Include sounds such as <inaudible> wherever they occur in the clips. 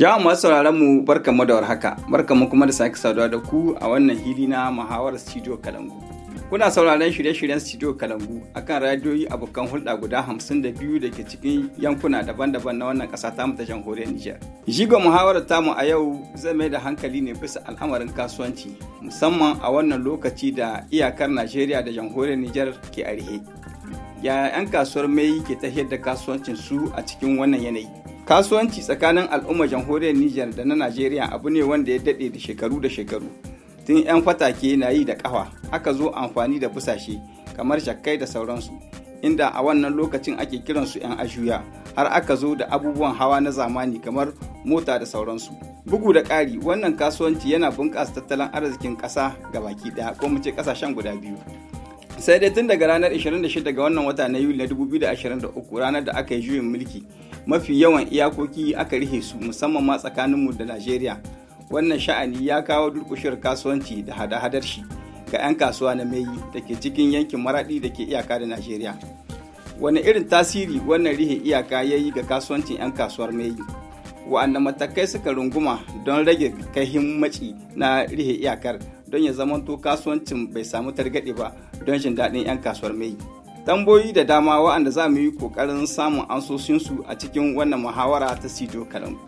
Ya masu sauraron mu barka mu da warhaka, barka mu kuma da sake saduwa da ku a wannan hili na muhawarar Studio Kalangu. Kuna sauraron shirye-shiryen Studio Kalangu akan radiyoyi abokan hulɗa guda hamsin da biyu da ke cikin yankuna daban-daban na wannan ƙasa ta ta jamhuriyar Nijar. Jigo muhawarar mu a yau zai mai da hankali ne bisa al'amarin kasuwanci musamman a wannan lokaci da iyakar Najeriya da jamhuriyar Nijar ke arihe Ya 'yan kasuwar mai ke tahiyar da kasuwancin su a cikin wannan yanayi. Kasuwanci tsakanin al'ummar jamhuriyar Nijar da na Najeriya abu ne wanda ya daɗe da shekaru da shekaru. Tun 'yan fatake na yi da ƙafa, aka zo amfani da busashe kamar shakkai da sauransu, inda a wannan lokacin ake kiransu 'yan ajuya, har aka zo da abubuwan hawa na zamani kamar mota da sauransu. Bugu da ƙari, wannan kasuwanci yana bunƙasa tattalin arzikin ƙasa ga baki ɗaya ko mu ce ƙasashen guda biyu. Sai dai tun daga ranar 26 ga wannan wata na Yuli na 2023 ranar da aka yi juyin mulki mafi yawan iyakoki aka rihe su musamman ma tsakaninmu da najeriya wannan sha'ani ya kawo durkushiyar kasuwanci da hada-hadar shi ga 'yan kasuwa na meyi da ke cikin yankin maraɗi da ke iyaka da najeriya wani irin tasiri wannan rihe iyaka ya yi ga kasuwancin 'yan kasuwar meyi wa'anda matakai suka runguma don rage kahin maci na rihe iyakar don ya zamanto kasuwancin bai samu targaɗe ba don jin daɗin 'yan kasuwar mai tamboyi da dama waɗanda za mu yi ƙoƙarin samun ansoshinsu a cikin wannan muhawara ta Sijo Kalambu.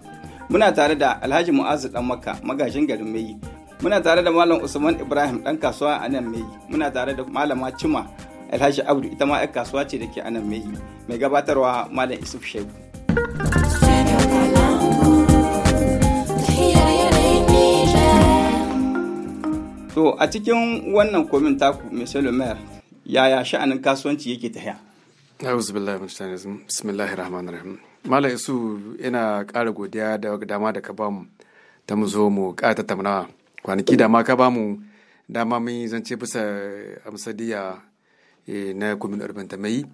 Muna tare da Alhaji Mu'azu ɗan Makka magajin garin Mai. Muna tare da Malam Usman Ibrahim ɗan kasuwa a nan Mai. Muna tare da Malama Cima Alhaji Abdu ita ma 'yar kasuwa ce da ke a nan Mai. Mai gabatarwa Malam Isuf Shehu. To a cikin wannan komin taku Monsieur Le yaya sha'anin kasuwanci yake tafiya a'udhu billahi min shaitanir rajim bismillahir rahmanir rahim malam isu ina ƙara godiya da dama da ka bamu ta mu zo mu ƙata tamnawa kwanaki da ma ka bamu dama mun zance bisa amsadiya eh, na kumin urban ta mai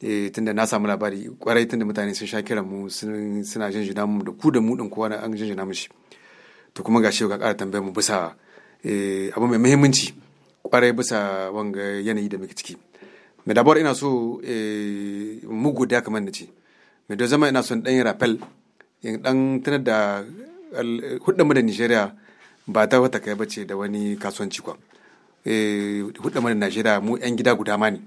eh, tunda na samu labari kwarai tunda mutane sun sha kiran mu suna jina mu da ku da mu din kowa na an jina mu shi to kuma gashi ga ƙara tambayar mu bisa eh, abu mai muhimmanci kwarai bisa wanga yanayi da muke ciki mai dabar ina so eh, mugu da kamar na ce mai da zama ina son dan yi rappel in dan tunar da hudun mu da nigeria ba ta wata kai bace da wani kasuwanci kwa eh, hudun mu da nigeria mu yan gida guda ma ne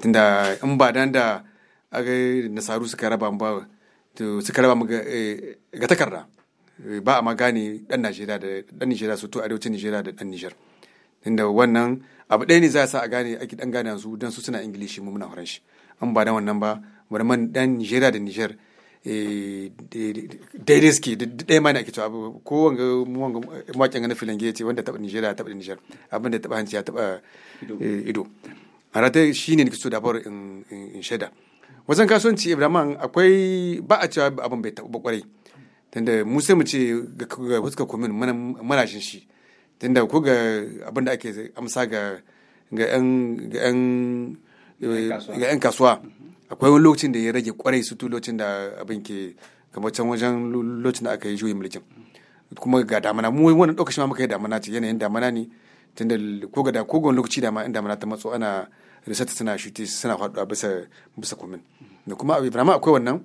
tunda in ba dan da aka nasaru suka raba mu ba to suka raba mu ga eh, takarda ba a magani dan nigeria da dan nigeria su to arewacin nigeria da dan nigeria inda wannan abu ɗaya ne za a sa a gane ake ɗan gane su dan su suna ingilishi mu muna faranshi an ba da wannan ba bari man dan Nigeria da Niger eh, daidai suke ɗaya ma ne ake cewa ko wanga eh, mawakin ganin filange ya ce wanda taɓa Nigeria ya taɓa Niger abinda taɓa hanci ya taɓa ido eh, a rata shi ne nake so da fara in shaida wajen kasuwanci Ibrahim akwai ba a cewa abin bai taɓa kwarai tunda mu sai mu ce ga fuskar komin mana shi tunda ku ga abin da ake amsa ga ga 'yan eh, kasuwa mm-hmm. akwai wani lokacin da ya rage kwarai su lokacin da abin ke kamar can wajen lokacin da aka yi juyin mulkin kuma ga damana mu wani ɗaukar ma muka yi damana ce yanayin damana ne tunda ko ga ko ga lokaci dama in damana ta matso ana risata suna shuti suna faɗuwa bisa bisa kumin da kuma abu ibrahim akwai wannan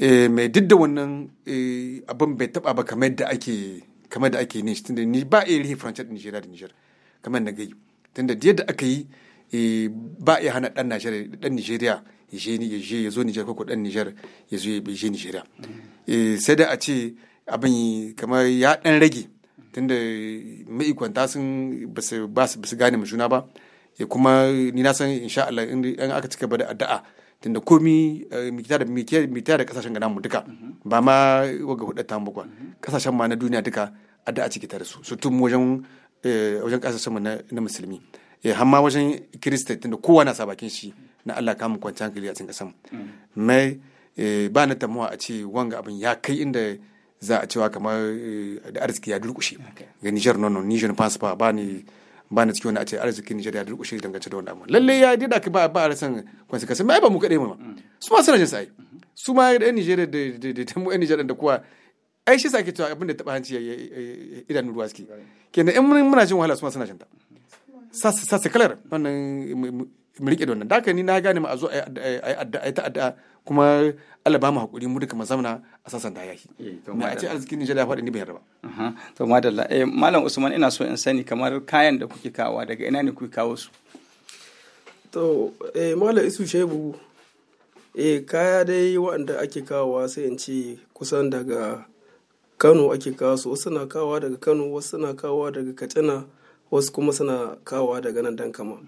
eh, mai duk da wannan eh, abin bai taɓa ba kamar yadda ake kamar da ake ne shi tunda ni ba iya rihe frontier da Nigeria da Niger kamar na gai tunda da aka yi eh, ba iya hana dan Nigeria dan Nigeria ya je ni ya je ya zo Niger ko dan Niger ya zo ya je Nigeria eh, sai da a ce abin kamar ya dan rage tunda maikwanta sun ba su gane mu juna ba eh, kuma ni na san insha Allah in aka cika bada addu'a tunda komi eh, mikita da da kasashen gana mu duka mhm. ba ma waga hudata mu mhm. kasashen ma na duniya duka da a ciki tare su su tun wajen eh, wajen kasashen mu na musulmi eh, har ma wajen kirista tunda kowa na sa bakin shi na Allah ka mu kwanci hankali a cikin kasan mhm. mai ba na tamuwa a ce wanga abin ya kai inda za a cewa kamar da arziki ya durkushe ga Niger non non Niger pass ba ni ba na cikin wani a ce arziki ni Nijar ya durƙushe dangance da wani abu lalle ya yi daɗa ba a rasan kasa mai ba mu kaɗai mu ba su ma suna jin sa'ai su ma yan nijeriya da da da mu yan nijeriya da kuwa ai shi sa sake cewa abin da taɓa hanci idanun ruwa suke kenan in mun muna jin wahala su ma suna jin ta sa kalar wannan mu riƙe da wannan da ni na gane ma a zo a yi ta'adda kuma Allah ba mu hakuri mu duka mu zamana a sassan da yaki. Eh, me a ce arzikin Nijar ya faɗi ni bai yarda ba to madalla eh malam Usman ina so in sani kamar kayan da kuke kawo daga ina ne kuke kawo su to eh malam Isu Shebu eh kaya dai waɗanda ake kawowa sai in ce kusan daga Kano ake kawo su wasu na kawowa daga Kano wasu na kawowa daga Katsina wasu kuma suna kawowa daga nan Dankama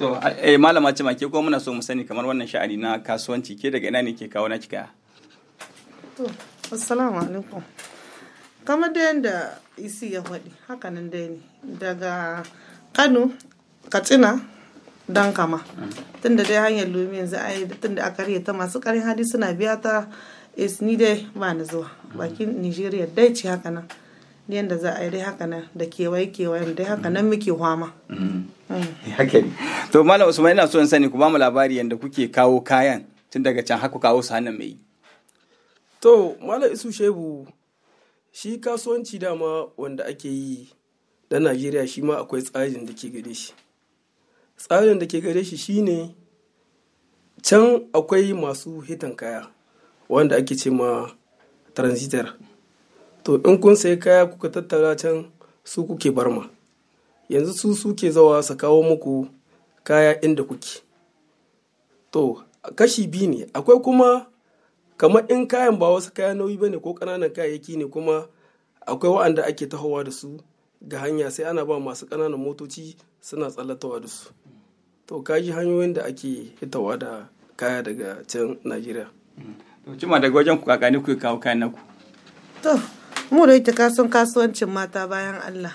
To, eh, malama ce ke kuma muna so mu sani kamar wannan sha'ani na kasuwanci ke daga ina ne ke kawo na cika. To, assalamu alaikum. Kamar da yadda isi ya faɗi, hakanan dai ne daga Kano, Katsina, dan kama. Tunda dai hanyar lumi yanzu ai tunda aka karya ta masu ƙarin hali suna biya ta eh, ni dai ba na zuwa. Bakin nijeriya dai ce hakanan. yadda za a yi dai haka nan da kewaye kewayen dai haka nan muke hwama. Mm-hmm. Haka ne. To Malam Usman ina so in sani ku ba mu labari yadda kuke kawo kayan tun daga can haka kawo su hannun mai. To Malam Isu Shehu shi kasuwanci dama wanda ake yi da Najeriya shi ma akwai tsarin da ke gare shi. Tsarin da ke gare shi shine can akwai masu hitan kaya wanda ake ce ma transitor. to in kun sayi kaya kuka tattara can su kuke barma yanzu su suke zawa su kawo muku kaya inda kuke to kashi biyu ne akwai kuma kamar in kayan ba wasu kaya nauyi ba ne ko ƙananan kayayyaki ne kuma akwai waɗanda ake tahowa da su ga hanya sai ana ba masu ƙananan motoci suna tsallatawa da su to kaji hanyoyin da ake hitawa da kaya daga can najeriya to cima daga wajen ku kakani ku kawo kayan naku mu da ita kasan kasuwancin mata bayan Allah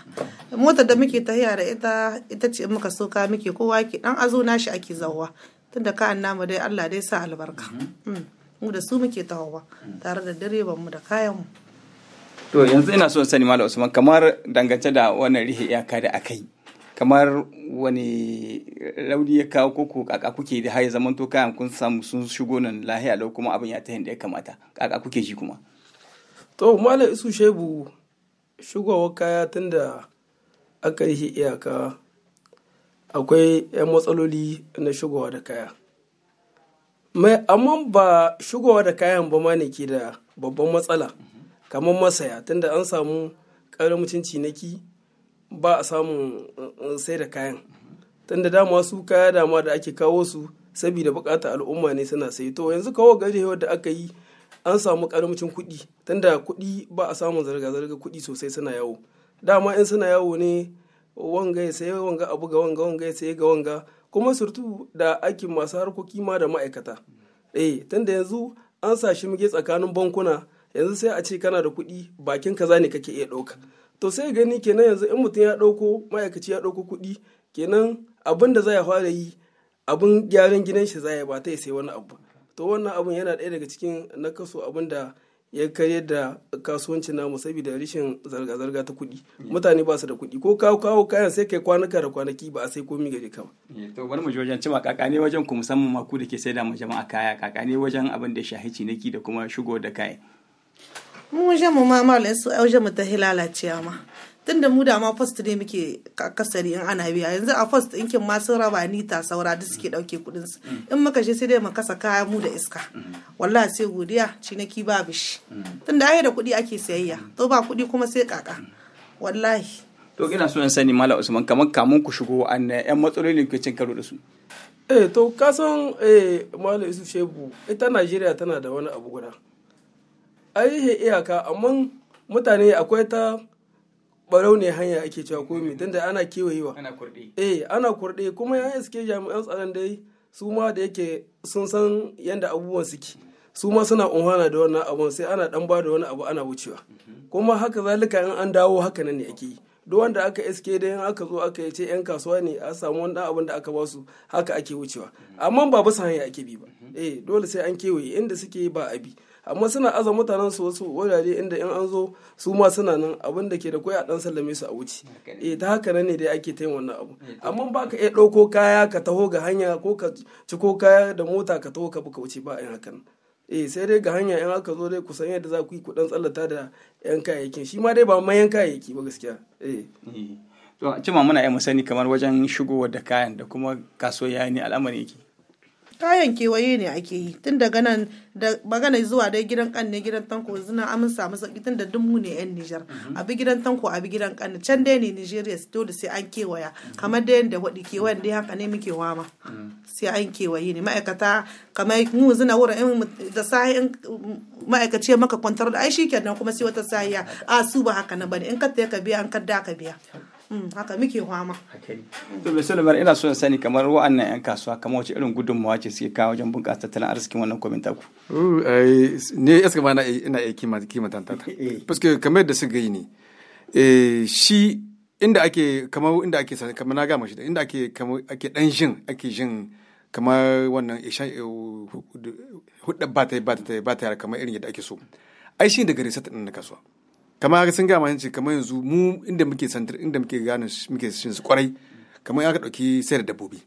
mota da muke tahiya da ita ita ce muka soka muke kowa ke dan na nashi ake zawwa tunda ka namu dai Allah dai sa albarka mm-hmm. mm. mu da su muke tahowa tare da direban mu da kayan mu to yanzu ina so sani malam Usman kamar dangance da wannan rihi iyaka da akai kamar wani rauni ya kawo koko kaka kuke da haye zaman to kayan kun samu sun shigo nan lahiya lau kuma abin ya ta da ya kamata kaka kuke shi kuma to malam isu shebu shigowar kaya tunda aka yi iyaka akwai 'yan matsaloli na shigowa da kaya mai amma ba shigowa da kayan ba ma ne ke da babban matsala kamar masaya tunda an samu ƙaramin ciniki ba a samun eh, eh, sai da kayan tunda dama su kaya dama da ake kawo su sabida bukatar al'umma ne suna sai to yanzu kawo gari da aka yi an samu karamcin kuɗi tunda kuɗi ba a samun zarga-zarga kuɗi sosai suna yawo dama in suna yawo ne wanga ya sayi wanga abu ga wanga wanga ya sayi ga wanga kuma surtu da aikin masu harkoki ma da ma'aikata eh tunda yanzu an sa shi muke tsakanin bankuna yanzu sai a ce kana da kuɗi bakin kaza ne kake iya ɗauka to sai gani kenan yanzu in mutum ya ɗauko ma'aikaci ya ɗauko kuɗi kenan abin da za ya fara yi abin gyaran gidan shi za ya ba ta sai wani abu to wannan abun yana ɗaya daga cikin nakasu abun da ya karye da kasuwanci namu saboda rashin zarga-zarga ta kuɗi mutane ba su da kuɗi ko kawo kawo kayan sai kai kwanuka da kwanaki ba a sai komi gari ka to bari mu wajen cima kakane wajen ku musamman ma ku da ke saida ma jama'a kaya kakane wajen abin da shahi ciniki da kuma shigo da kai mu wajen mu ma malam su wajen mu ta hilalaciya ma tun da mu da ma post ne muke kasari in ana biya yanzu a post ɗinkin ma sun raba ni ta saura duk suke ɗauke kuɗin su mm. in muka je sai dai mu kasa kaya mu da iska mm. wallahi sai godiya ciniki ba bishi mm. tun da ai da kuɗi ake sayayya to ba kuɗi kuma sai kaka wallahi to ina so in sani mallam usman kamar kamun ku shigo an yan matsalolin ke cin karo da su eh to kasan eh mallam yusuf shebu ita najeriya tana da wani abu guda ai iyaka amma mutane akwai ta barau ne hanya ake cewa komi don da ana kewayewa ana kurɗe eh, ana kurɗe kuma ya suke jami'an tsaron dai su ma da yake sun san yadda abubuwan suke su ma suna unhana da wannan abun sai ana dan ba da wani abu ana wucewa mhm. kuma haka zalika in an dawo haka nan ne ake yi duk wanda aka iske da in aka zo aka ce yan kasuwa ne a samu wani abin da aka basu haka ake wucewa mhm. amma ba bisa hanya ake bi ba mhm. eh dole sai an kewaye inda suke ba abi amma suna aza mutanen su wasu wurare inda in an zo su ma suna nan abin da ke da koya dan sallame su a wuce eh ta haka nan ne dai ake ta wannan abu eh, amma ba ka iya ɗauko kaya ka taho ga hanya ko ka ciko kaya da mota ka taho ka buka wuce ba in hakan eh sai dai ga hanya in aka zo dai ku yadda za ku yi ku dan tsallata da yan kayayyakin shi ma dai ba mayan kayayyaki ba gaskiya eh, eh. to cewa muna yi musani kamar wajen shigowa da kayan da kuma kasuwa ne al'amari yake kayan kewaye ne ake yi tun daga nan da magana zuwa dai gidan kan ne gidan tanko zina amin samu sauki tun da dumu ne yan Nijar mm-hmm. bi gidan tanko bi gidan kan can dai ne Nigeria dole sai an kewaya mm-hmm. kamar da yadda waɗi kewayen dai haka ne muke wama mm. sai an kewaye ne ma'aikata kamar mu zina wura in da sahi in ma'aikaci maka kwantar da ai kenan kuma sai wata sahiya a su ba haka na bane in ka ka biya an ka da ka biya Mm, haka muke fama to bai sulaiman ina so sani kamar wa'annan yan kasuwa kamar wace irin gudunmawa ce suke kawo wajen bunƙasa tattalin arzikin wannan kwaminta ku ne ya ma ina kima kima ta <laughs> eh. paske kamar yadda suka yi ne eh, shi inda ake kamar inda ake kamar na gama shi inda ake kamar ake dan jin ake jin kamar wannan ishan eh, hudda ba ta ba ta ba ta kamar irin yadda ake so ai shi daga ta ɗan na kasuwa kamar sun gama hanci kamar yanzu mu inda muke santar inda muke gane muke shin su kwarai kamar aka dauki sayar da dabbobi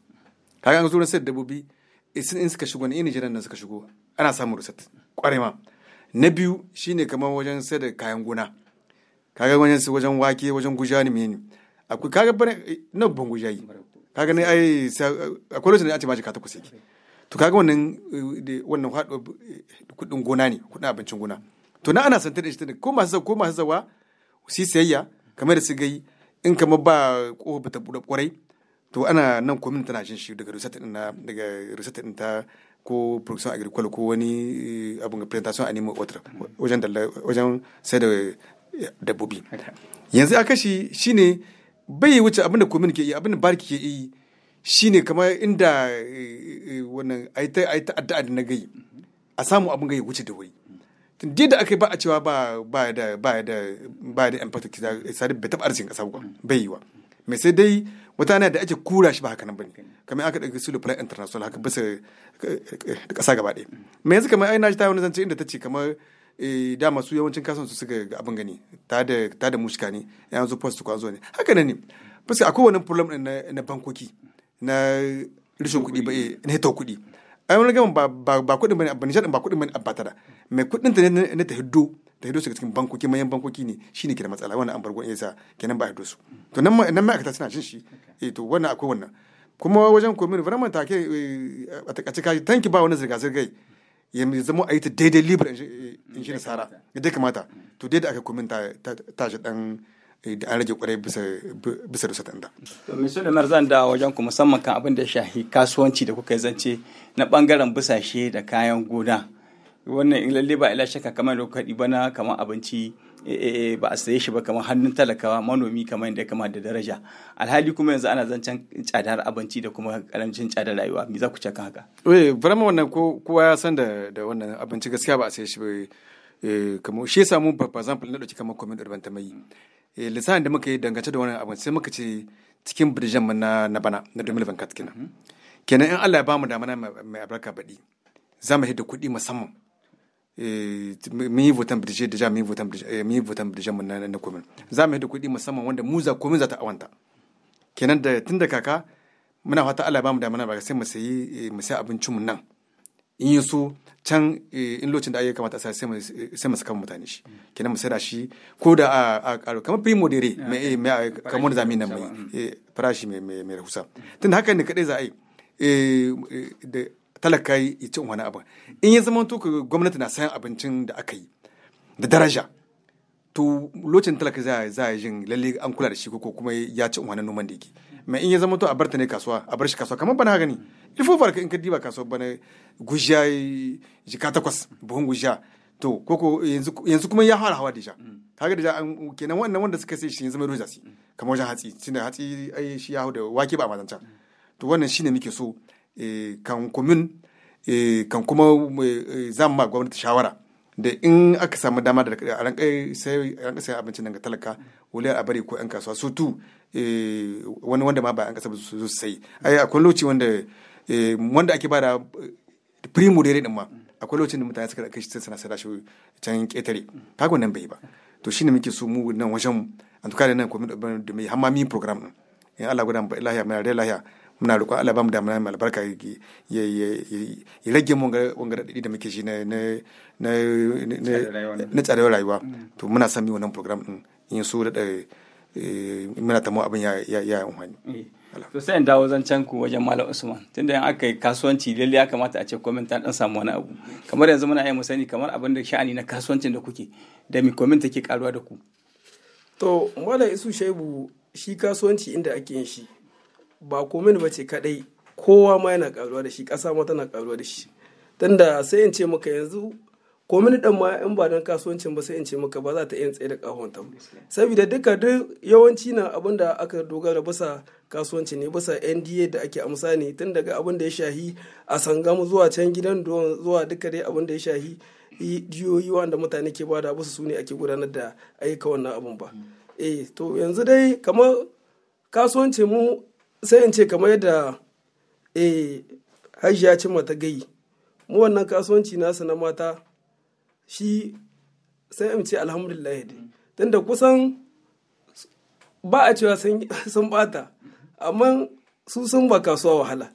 kaga an zo sayar da dabbobi eh, in suka shigo ne ina jiran nan suka shigo ana samun rusat kwarai ma na biyu shine kamar wajen sayar da kayan gona kaga wajen su wajen wake wajen guja ne menene akwai kaga bane eh, na ban guja yi kaga ne ai akwai lokacin da ake maji ka ta kusa to kaga wannan eh, wannan kudin gona ne kudin abincin gona to na ana santar da shi ko masu ko masu zawa si sayayya kamar da su gai in kama ba kofa ba ta buɗe kwarai to ana nan komin tana shin shi daga rusata din daga rusata din ta ko production agricole ko wani eh, abun presentation nemo otra wajen wajen sai da eh, dabbobi yanzu a kashi shine bai wuce abin da komin ke yi abin da barki ke yi shine kamar inda eh, wannan ayi ta ai ta addu'a na gai a samu abin gai wuce da wai duk da aka ba a cewa ba ba da ba da ba da impact sadi bai taɓa arzikin ƙasa ba bai yi wa me sai dai wata na da ake kura shi ba haka nan bane kamar aka ɗauki sulu flight international haka bisa eh, ƙasa gaba ɗaya me yanzu kamar ai na ta wani zance inda ta ce kamar eh, dama su yawancin su suka abin gani ta da ta da mushka ne yanzu post ko zo ne haka nan ne fuska akwai wani problem na bankoki na rishin kuɗi ba eh, na hito kuɗi ai wani gaban ba kuɗin bane abin ba kuɗin bane abbatara mai kuɗin ta ne ta hiddo ta hiddo su cikin bankoki manyan bankoki ne shine ke da matsala wannan an bargon yasa kenan ba a hiddo su to nan nan ma'aikata suna jin shi eh to wannan akwai wannan kuma wajen komin vraiment ke eh, a takaice kaji tanki ba wani zirga zirgai ya zama a yi ta daidai libra in shi eh, nasara ya dai kamata to dai da aka komin ta shi dan eh, da an rage kwarai bisa da satanda. da. Lamar zan da wajen ku musamman kan abin da shahi kasuwanci da kuka yi zance na bangaren busashe da kayan gona. wannan in lalle ba ila shaka kamar da kuka bana kamar abinci eh, eh, eh, ba a saye shi ba kamar hannun talakawa manomi kamar yadda kama da daraja alhali kuma yanzu ana zancen tsadar abinci da kuma karancin tsadar rayuwa me za ku ce kan haka eh barama wannan ko kowa ya san da da wannan abinci gaskiya ba a saye shi ba kamar shi samu for example na dauki kamar komai urban ta mai lissafin da muka yi dangance da wannan abinci sai muka ce cikin birjan mu na na bana na 2024 kenan kenan in Allah ya bamu damana mai albarka baɗi za mu hidda kuɗi musamman mun yi votan birje da jami'in yi votan birje mun yi votan birje eh, mun nan na komin za mu yi da kuɗi musamman wanda mu za komin za ta awanta kenan da tunda kaka muna fata Allah ba mu da mana ba sai mu sayi eh, mu sayi abincin mu nan in yi so can eh, in lokacin da ayyuka kamata sai sai mu saka mutane shi kenan mu sai da shi ko da a karo kamar fi modere mai kamar da zamin nan mai farashi mai mai rahusa tunda haka ne kadai za a yi da talaka ya ci wani abu in ya zama to gwamnati na sayan abincin da aka yi da daraja to lokacin talaka za yi jin lalle an kula da shi ko kuma ya ci wani noman da yake mai in ya zama to a ta ne kasuwa a bar shi kasuwa kamar bana gani bar ka in ka diba kasuwa bana gujiya jika takwas buhun gujiya to koko yanzu kuma ya hawa hawa deja mm. kaga deja an kenan wannan wanda suka sai shi yanzu mai roja si kamar wajen hatsi tunda hatsi ai shi ya hau da wake ba a mazanta mm. to wannan shine muke so Eh, kan komin eh, kan kuma eh, zan ma gwamnati shawara da in aka samu dama da a rankai sai abincin daga talaka wuli a bari ko 'yan kasuwa su tu wani wanda ma ba 'yan kasa su sai ai akwai lokaci wanda wanda ake bada primo dai din ma akwai lokacin da mutane suka kai shi sai suna sada shi can ketare kago nan bai ba to shine muke so mu nan wajen an tuka nan komai da mai hammami program din in Allah gudan ba ilahiya mai rai lahiya muna roƙon Allah ba mu damuna mai albarka ya rage mu wanga daɗi da muke shi na na tsarewar rayuwa mm. to muna son mi wannan program din in so da eh, muna tamo abin ya ya umarni eh. to sai in dawo zancen ku wajen malam usman tunda yan aka yi kasuwanci lalle ya kamata a ce komenta dan samu wani abu kamar yanzu muna iya mu sani kamar abin da sha'ani na kasuwancin da kuke da mi komenta ke karuwa da ku to wala isu shaibu shi kasuwanci inda ake yin shi ba komin ba ce kadai kowa ma yana karuwa da shi ƙasa ma tana karuwa da shi tunda sai in ce maka yanzu komin dan ma in ba dan kasuwancin ba sai in ce maka ba za ta iya tsaye da kahonta ta saboda duka duk yawanci na abin da aka dogara bisa kasuwanci ne bisa NDA da ake amsa ne tun daga abin da ya shahi a mu zuwa can gidan zuwa duka dai abin da ya shahi diyoyi wanda mutane ke bada ba su ne ake gudanar da ayyuka wannan abin ba mm. eh to yanzu dai kamar kasuwancin mu sai in ce kamar yadda e eh, ya cin mata gai mu wannan kasuwanci nasa na mata shi sai in ce alhamdulillah dai da kusan ba a cewa sun bata amma su sun ba kasuwa wahala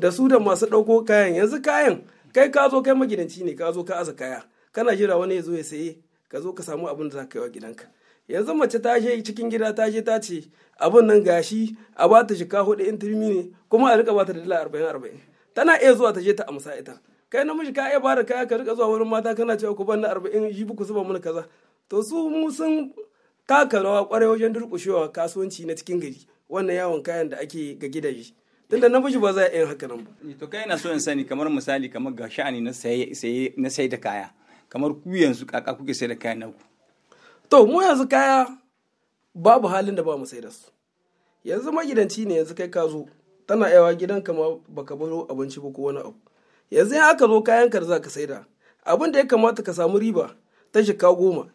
da su da masu ɗauko kayan yanzu kayan kai ka zo kai magidanci ne ka zo ka aza kaya kana jira wani ya zo ya saye ka zo ka samu abin da za ka yi wa gidanka yanzu mace ta je cikin gida ta je ta ce abin nan gashi a ba ta shika hudu in turmi ne kuma a rika ba ta dala arba'in arba'in tana iya zuwa ta je ta amsa ita kai namiji ka iya bada kaya ka rika zuwa wurin mata kana cewa ku ban na arba'in yi ku zuba mana kaza to su mu sun taka rawa kwarai wajen durkushewa kasuwanci na cikin gari wannan yawon kayan da ake ga gidaje tunda namiji ba za a yin haka nan ba. to kai na so in sani kamar misali kamar ga sha'ani na saye da kaya kamar ku yanzu kaka kuke sai da kaya na ku. to mu yanzu kaya babu halin da ba mu sai da su yanzu magidanci ne yanzu kai ka zo tana yawa gidanka ma baka baro abinci ba ko wani abu yanzu in aka zo kayan ka za ka saida abin da ya kamata ka samu riba ta shika goma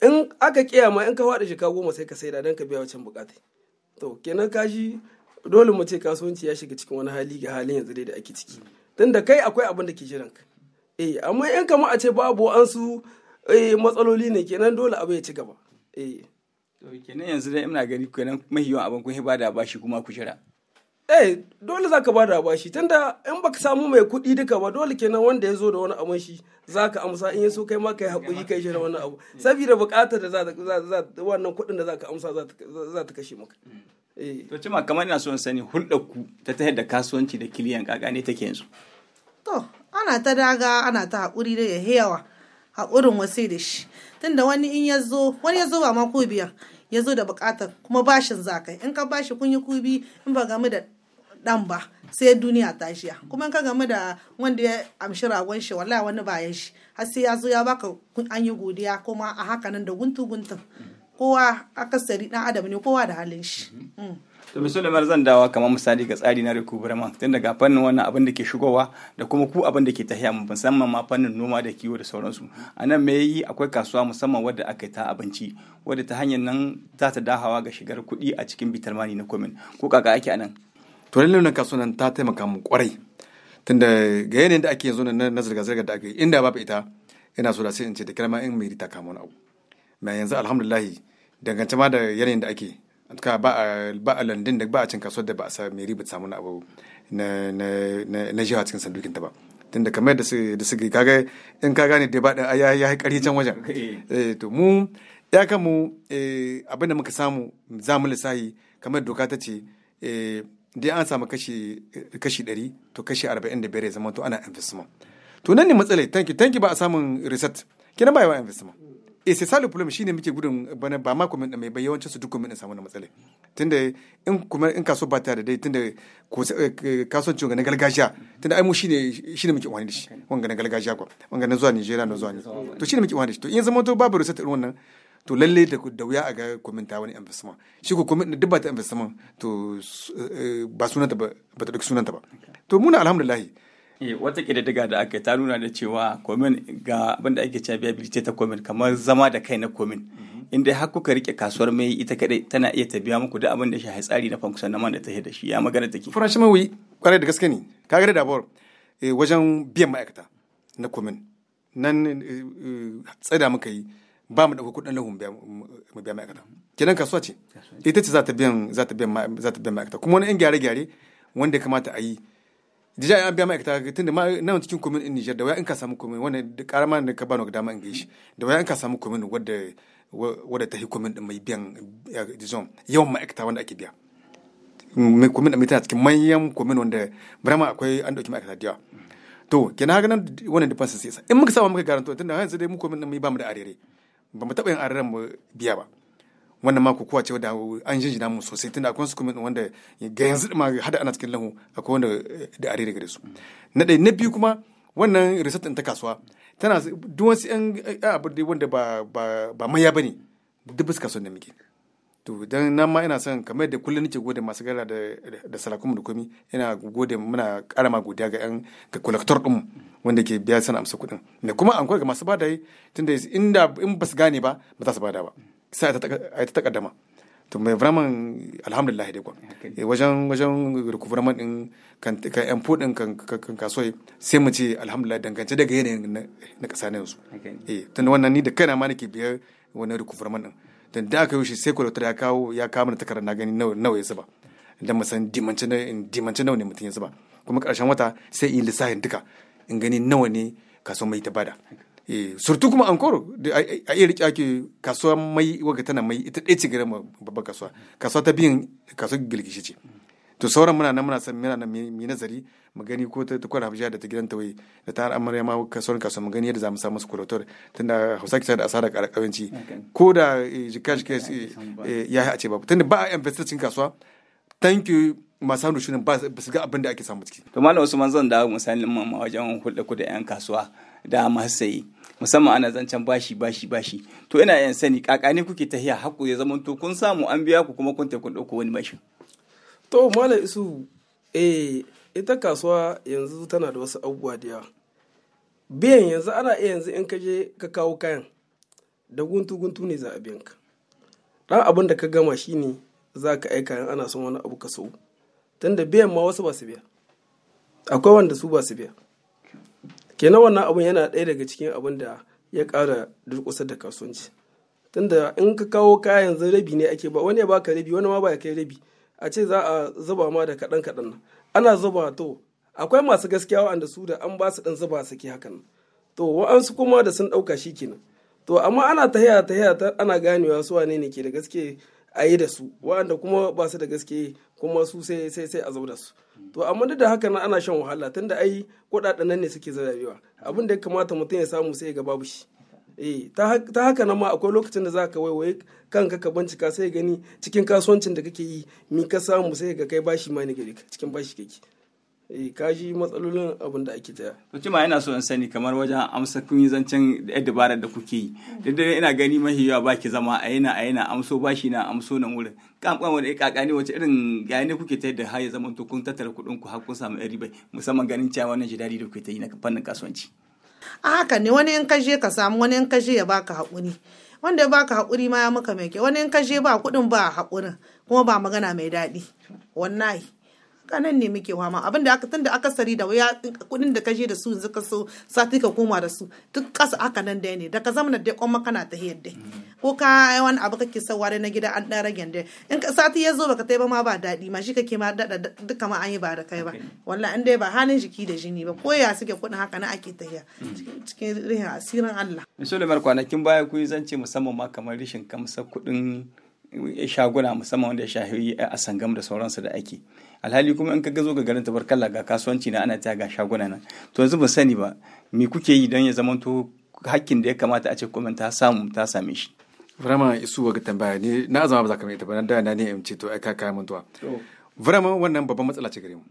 in aka kiya ma in ka faɗa shika goma sai ka saida don ka biya wacan bukata to kenan kashi dole mu ce kasuwanci ya shiga cikin wani hali ga halin yanzu dai da ake ciki tunda kai akwai abin da ke jiranka eh amma in kama a ce babu an su eh matsaloli ne kenan dole abu ya ci gaba eh to kenan yanzu dai ina gani kenan yawan abin kun ba da bashi kuma ku shira. eh dole zaka ba da bashi tunda in baka samu mai kuɗi duka ba dole kenan wanda ya zo da wani abin shi zaka amsa in yaso kai ma kai hakuri kai shi da wani abu saboda buƙatar da za wannan kuɗin da zaka amsa za ta kashe maka eh. to cima kamar ina son sani hulɗar ku ta ta da kasuwanci da kiliyan kaka ne take yanzu to ana ta daga ana ta hakuri da yawa haƙurin wasi da shi tunda wani in ya zo wani ya zo ba ma ku biya ya zo da buƙatar kuma bashin za kai in ka bashi kun yi kubi in ba game da ɗan ba sai duniya ta shiya kuma in ka game da wanda ya amshi ragon shi wallahi wani bayan shi har sai ya zo ya baka an yi godiya kuma a haka nan da guntu guntun kowa akasari ɗan adam ne kowa da halin shi. Mm-hmm. Mm. to su mar zan dawa kamar misali ga tsari na recruitment tun daga fannin wannan abin da ke shigowa da kuma ku abin da ke tafiya musamman ma fannin noma da kiwo da sauransu a nan me yi akwai kasuwa musamman wadda aka ta abinci wadda ta hanyar nan za ta dahawa ga shigar kuɗi a cikin bitar mani na komin ko kaka ake a nan to lallai na kasuwan ta taimaka mu kwarai tunda ga yanayin da ake yanzu na zirga-zirga da ake inda babu ita ina so da sai in ce da kirma in mai ta kama wani abu mai yanzu alhamdulillahi dangance ma da yanayin da ake ka ba a ba a landin da ba a cin kasuwar da ba a sa mai riba samu abu na na na jiha cikin sandukin ta ba tunda kamar da su da su kaga in ka gane da ba da ya ya kari can wajen eh. eh to mu ya ka mu eh abin da muka samu zamu lissahi kamar doka ta ce eh dai an samu kashi kashi 100 to kashi 45 ya zama to ana investment to nan ne matsalai thank you thank you ba a samun reset kina ba yawa investment eh sai salo problem shine muke gudun bana ba ma comment mai ba yawancin su duk comment samu na matsala tunda in kuma in kaso ba ta da dai tunda eh, eh, kasuwancin ga na gargajiya tunda ai mu shine shine muke wani da shi wanga na gargajiya ko wanga na zuwa Nigeria na zuwa ne to shine muke wani da shi to in zama to babu ta irin wannan to lalle da da wuya a ga kominta wani investment shi ko komin duk ba ta investment to eh, ba sunanta ba ba ta duk sunanta ba to muna alhamdulillah Eh, wata daga da aka ta nuna da cewa komin ga abinda ake cewa viability ta komin kamar zama da kai na komin mhm. inda har kuka rike kasuwar mai ita kadai tana iya ta biya muku da abin da shi tsari na fankusan na man da ta da shi ya magana take farashi mawi kwarai da gaske ne ka ga da bor eh, wajen biyan ma'aikata na komin nan eh, tsada muka yi ba mu dauko kudin lahun mu biya ma'aikata kenan kasuwa ce ita ce za ta biyan ma'aikata kuma wani in gyare-gyare wanda kamata a yi Dija an biya ma'aikata tunda ma nan cikin komin in Nijar da waya in ka samu komin wannan da karama da ka bano dama in gaishe da waya in ka samu komin wadda wadda ta hukumin din mai biyan dizon yawan ma'aikata wanda ake biya. Mai komin da mai tana cikin manyan komin wanda birama akwai an ɗauki ma'aikata da yawa. To kenan haka nan wannan dufansa sai in muka samu muka garanto tunda yanzu dai mu komin din mai mu da arere ba mu taɓa yin areren mu biya ba. wannan ma kokowa ce wadda an jina mu sosai tunda akwai su kuma wanda ga yanzu ma hada ana cikin lahu akwai wanda eh, da are daga su na ɗaya na biyu kuma wannan research ta kasuwa tana duk wasu yan abu wanda ba ba ba maya bane duk bisa kasuwan da muke to dan nan ma ina son kamar da kullun nake gode masu gara da da sarakun da komi ina gode muna ƙara ma godiya ga yan ga collector din wanda ke biya sana amsa kuɗin ne kuma an ga masu bada yi tunda inda in ba su gane ba ba za su bada ba sai a ta takaddama to mai vraiment alhamdulillah dai kwa eh, wajen wajen recouvrement din kan kan import din kan kan sai mu ce alhamdulillah dangance daga yanayin na kasa na yanzu eh tunda wannan ni da kaina ma nake biyar wannan recouvrement din dan da aka yi shi sai kwalatar ya kawo ya kawo mana takarda na gani nawa ya saba dan mu san dimance nawa ne mutum ya saba kuma karshen wata sai in lissafin duka in gani nawa ne kasuwar mai ta bada Eh, surtout kuma encore a iya rike ake kasuwa mai waga tana mai ita ɗaya ce gare babban kasuwa kasuwa ta biyan kasuwa gilgishi ce to sauran muna nan muna san muna nan mai nazari mu gani ko ta kwana hafiya da ta gidan ta wai da ta amarya ma kasuwar kasuwa mu gani yadda za mu samu su kulautar tunda hausa kisa da asara ƙara ƙawanci ko da eh, jika shi eh, ya a ce babu tunda ba a investor cikin kasuwa thank you masu hannu shirin ba su ga abin da ake samu ciki. to malam usman zan dawo misalin ma wajen hulɗa ku da 'yan kasuwa da masu sayi musamman ana zancen bashi bashi bashi to ina yan sani kakani kuke tahiya haku ya zama to kun samu an biya ku kuma kun kun ɗauko wani mashin to malam isu eh ita kasuwa yanzu tana da wasu abubuwa da yawa biyan yanzu ana iya yanzu in ka je ka kawo kayan da guntu guntu ne za a biyan ka dan abin da ka gama shine za ka aika yan ana son wani abu ka sau tunda biyan ma wasu ba su biya akwai wanda su ba su biya kenan wannan abun yana ɗaya daga cikin abun da ya ƙara durƙusar da kasuwanci tunda in ka kawo kaya yanzu rabi ne ake ba wani ya baka rabi wani ma ba ya kai rabi a ce za a zuba ma da kaɗan kaɗan ana zuba to akwai masu gaskiya wanda su da an ba su ɗan zuba saki hakan to wa'ansu kuma da sun ɗauka shi kenan to amma ana ta ta ana ganewa su wane ne ke da gaske a yi da su waɗanda kuma ba su da gaske kuma su sai sai sai a zau da su to amma duk da haka nan ana shan wahala tunda ai kuɗaɗen nan ne suke zarabewa abin da ya kamata mutum ya samu sai ga babu shi eh ta haka nan ma akwai lokacin da za ka waiwaye kanka ka bincika sai gani cikin kasuwancin da kake yi mi ka samu sai ga kai bashi ma ne gare cikin bashi kake Eh, kaji matsalolin abin da ake taya. To cima ina so in sani kamar wajen amsa kun yi zancen da dabarar da kuke yi. Duk da ina gani mahi yawa ba ki zama a yana a yana amso ba shi na amso nan wurin. Kan kan wani ne wace irin ga ne kuke tayar da haye zaman to kun tattara kuɗin ku har kun samu ɗari bai musamman ganin cewa wannan jidali da kuke ta yi na fannin kasuwanci. A haka ne wani in ka je ka samu wani in ka je ya baka haƙuri. Wanda ya baka haƙuri ma ya maka mai kyau wani in ka je ba kuɗin ba haƙurin kuma ba magana mai daɗi. wannan kanan ne muke wama abin da aka tunda sari da waya kudin da kaje da su yanzu ka so sati ka koma da su duk kasa haka nan da ne da ka zama da kuma kana ta hiyar dai ko ka wani abu kake sawa na gida an dan gende dai in sati ya zo baka tai ba ma ba daɗi ma shi kake ma dada duka ma an yi ba da kai ba wallahi in dai ba halin jiki da jini ba ko ya suke kudin haka na ake ta hiyar mm. cikin rihin asirin Allah Suleiman kwanakin baya ku yi zance musamman ma kamar rishin kamsa kudin shaguna musamman wanda ya shahi a sangam da sauransu da ake alhali kuma in ka gazo ga garin tabarkalla ga kasuwanci na ana ta ga shaguna nan to yanzu ba sani ba me kuke yi don ya to hakkin da ya kamata a ce kuma ta samu ta same shi vraiment isu ga tambaya ne na azama ba za ka mai ita ba da na ne in ce to ai ka kai mun to vraiment wannan babban matsala ce gare mu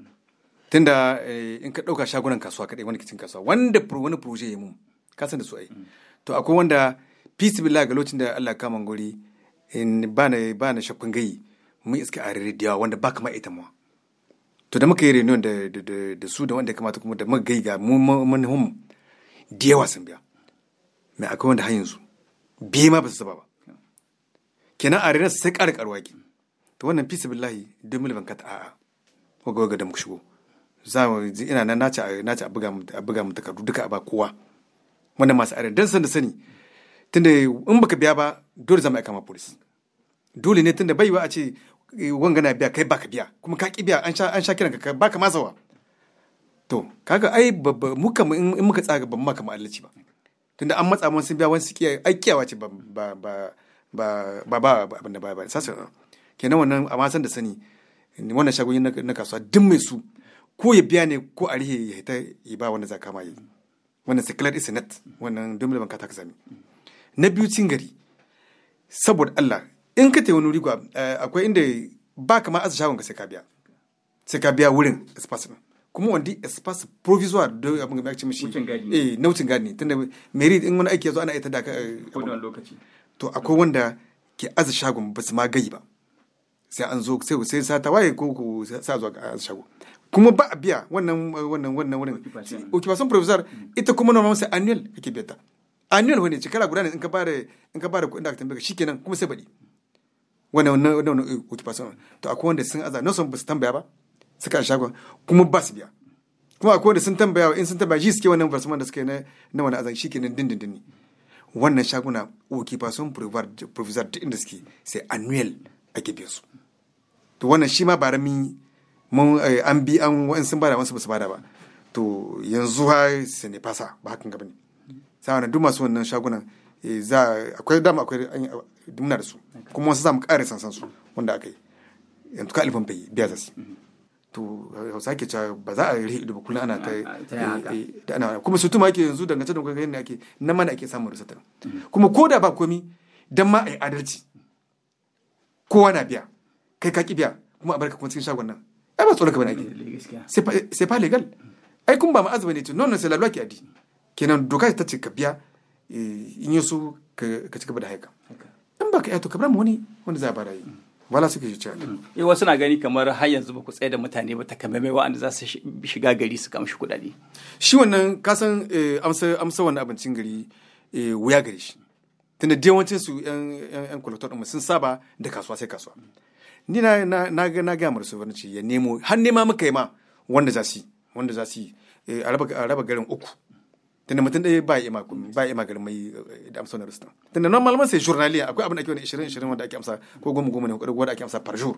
tunda eh, in ka ɗauka shagunan kasuwa kaɗai wani kicin kasuwa wanda wani proje ya mun ka san da su ai mm. to akwai wanda peace be ga lokacin da Allah ka mangori in ba na ba na shakkun gai mun iska a rere wanda ba kama ita ma to da muka yi reunion da su da wanda ya kamata kuma da muka gai ga manhum da yawa sun biya mai akwai wanda har yanzu biye ma ba su saba ba kenan a rena sai ƙara ƙaruwa ke to wannan fi billahi duk ban kata a'a waga waga da muka shigo za mu ina nan nace a buga mu takardu duka a ba kowa wannan masu arewa dan sanda sani tunda in baka biya ba dole zama mu aika ma police dole ne tunda baiwa a ce Eh, wanga na biya kai baka biya kuma ka ki biya an sha an sha kiran ka baka ma zawa to kaga ai babba muka in muka tsaga ban maka ma'allaci ba tunda an matsa mun sun biya wani sikiya ai kiyawa ce ba ba ba ba ba abin da ba ba sasa kenan wannan amma san da sani wannan shagoyi na kasuwa duk mai su ko ya biya ne ko a rihe ya ta ya ba wanda zakama yi wannan secular is net wannan dumle ban ka ta kasami na biyu cin gari saboda Allah in ka tayi wani wuri gwa eh, akwai inda ba kama aza shagon ka sai ka biya sai ka biya wurin espace din kuma wanda espace provisoire da abin da ake mishi eh na wucin gadi tunda meri in wani aiki yazo ana ita eh, da ka lokaci to akwai wanda ke aza shagon ba su ma gayi ba sai an zo sai sai sa ta waye ko ku sa zuwa aza shago kuma ba a biya wannan wannan wannan wurin occupation provisoire mm. ita kuma normal sai annual kake biya ta annual wani shekara guda ne in ka bare in ka bare kuɗin da ka tambaye ka shikenan kuma sai baɗi wani wani wannan occupation eh, to akwai wanda sun aza nasu ba su tambaya ba suka a shagon kuma ba su biya kuma akwai wanda sun tambaya in sun tambaya shi suke wannan da suke na na wani ne wannan shaguna occupation provisoire duk inda suke sai annual ake biyan su to wannan shi ma bara mun eh, an bi an wa'in sun bada wasu ba su bada ba to yanzu ha sai ne fasa ba hakan gaba ne sai wannan duk masu wannan shagunan Eh, za akwai dama akwai muna da su kuma wasu zamu ƙara sansan su wanda aka yi yanzu kalifin bai biya zasu to hausa ke cewa ba za a rihe ido ba kullum ana ta eh, eh, da ana kuma su tuma ake yanzu dangance da kuka yadda ake nan mana ake samun rusata kuma ko da ba komi dan ma a yi adalci kowa na biya kai ka ki biya kuma a barka kuma cikin shagon nan ai ba tsoro ka bane ake sai fa legal ai kun ba ma azumi ne ce non non sai lalwa ki adi kenan doka ta ce ka biya Eh, in yi su ka ci gaba da haika in ba ka yato to ka mu wani wanda za a bara yi wala suke shi cewa mm. eh wasu na gani kamar har yanzu ba ku tsaye da mutane ba takamaimai wa'anda za su shiga gari su kamshi kudade shi wannan ka san eh, amsa amsa wannan abincin gari eh, wuya gari shi tunda da yawancin su yan kwalatar ɗin sun saba da kasuwa sai kasuwa ni na na na ga marasu barci ya nemo har nema muka yi ma wanda za su yi wanda za su yi a raba garin uku tunda mutum ɗaya ba ya ma komi ba ya ma garmai eh, da amsa wani rustan tunda normal man sai journaliya akwai abin da ake wani 20 20 wanda ake amsa ko goma goma ne wanda ake amsa par jour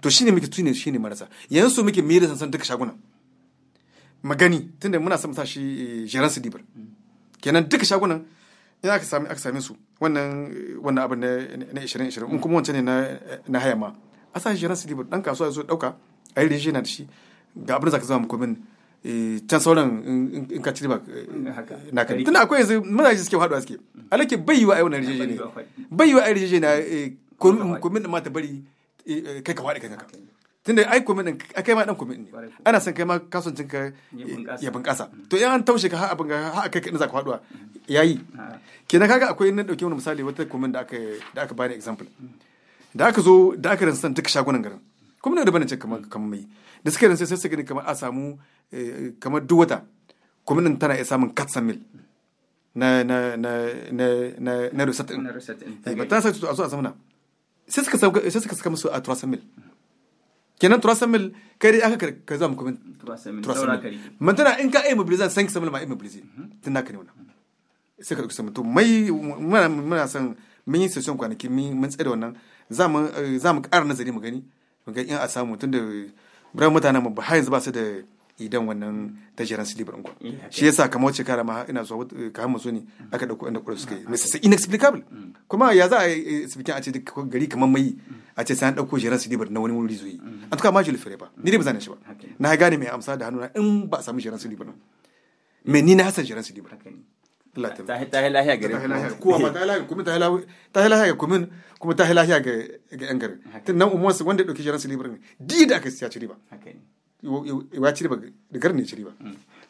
to shine muke tune shine marasa yanzu muke miyar da sansan duka shagunan magani tunda muna son shi jiran eh, su dibar kenan duka shagunan in aka sami aka same su wannan eh, wannan abin na 20 20 in kuma wancan ne na na haya ma a sa shi jiran su dibar dan kasuwa ya zo dauka ayi rinjina da shi ga abin da zaka zama mu komin Eh, can sauran in ka cire ba eh, kari tunda akwai yanzu mazaje suke a suke alake bai yi wa yau na ne bai yiwa a yarjejeniya eh, komin da mata bari kai ka ka kanka tunda ai komin din kai ma dan komin ne ana son kai ma kasuwancin ka ya bunƙasa mm. to in an taushe ka ha abin a kai ka kaɗin za ka mm. ya yi kenan kaga akwai na ɗauke wani misali wata komin da aka da aka bani example mm. da aka zo da aka rinsan duka shagunan garin kuma na da bane can kamar kamar mai da suka yi sai sai gani kamar a samu eh, kamar duk wata kuma nan tana iya samun katsa mil na na na na na na rusat din eh, ba ta sa a zo a zamana sai suka sai suka saka musu a turasan mil kenan turasan mil kai dai aka ka zo mu kuma turasan mil man tana in ka ai san ki samu ma ai mobilizan mhm. tun naka ne wannan sai ka kusa mutum mai muna muna san mun yi session kwanaki mun tsare wannan za mu eh, za mu ƙara nazari mu gani ga in a samu tun da biran mutanen mu har yanzu ba su da idan wannan tashiran silibar ɗin kuwa mm, shi yasa kamar wacce kara ma ina zuwa eh, kamar masu ne mm. aka ɗauko inda kuɗa suke mai sassa ah, inexplicable mm. kuma ya za a yi explication eh, a ce gari kamar mai a ce sai an ɗauko jiran silibar na wani wuri zuwa an tuka ma julifere ba ni dai ba zane shi ba na gane mai amsa da hannuna in ba a samu jiran silibar mai ni na hasa jiran silibar Allah kuma wanda siya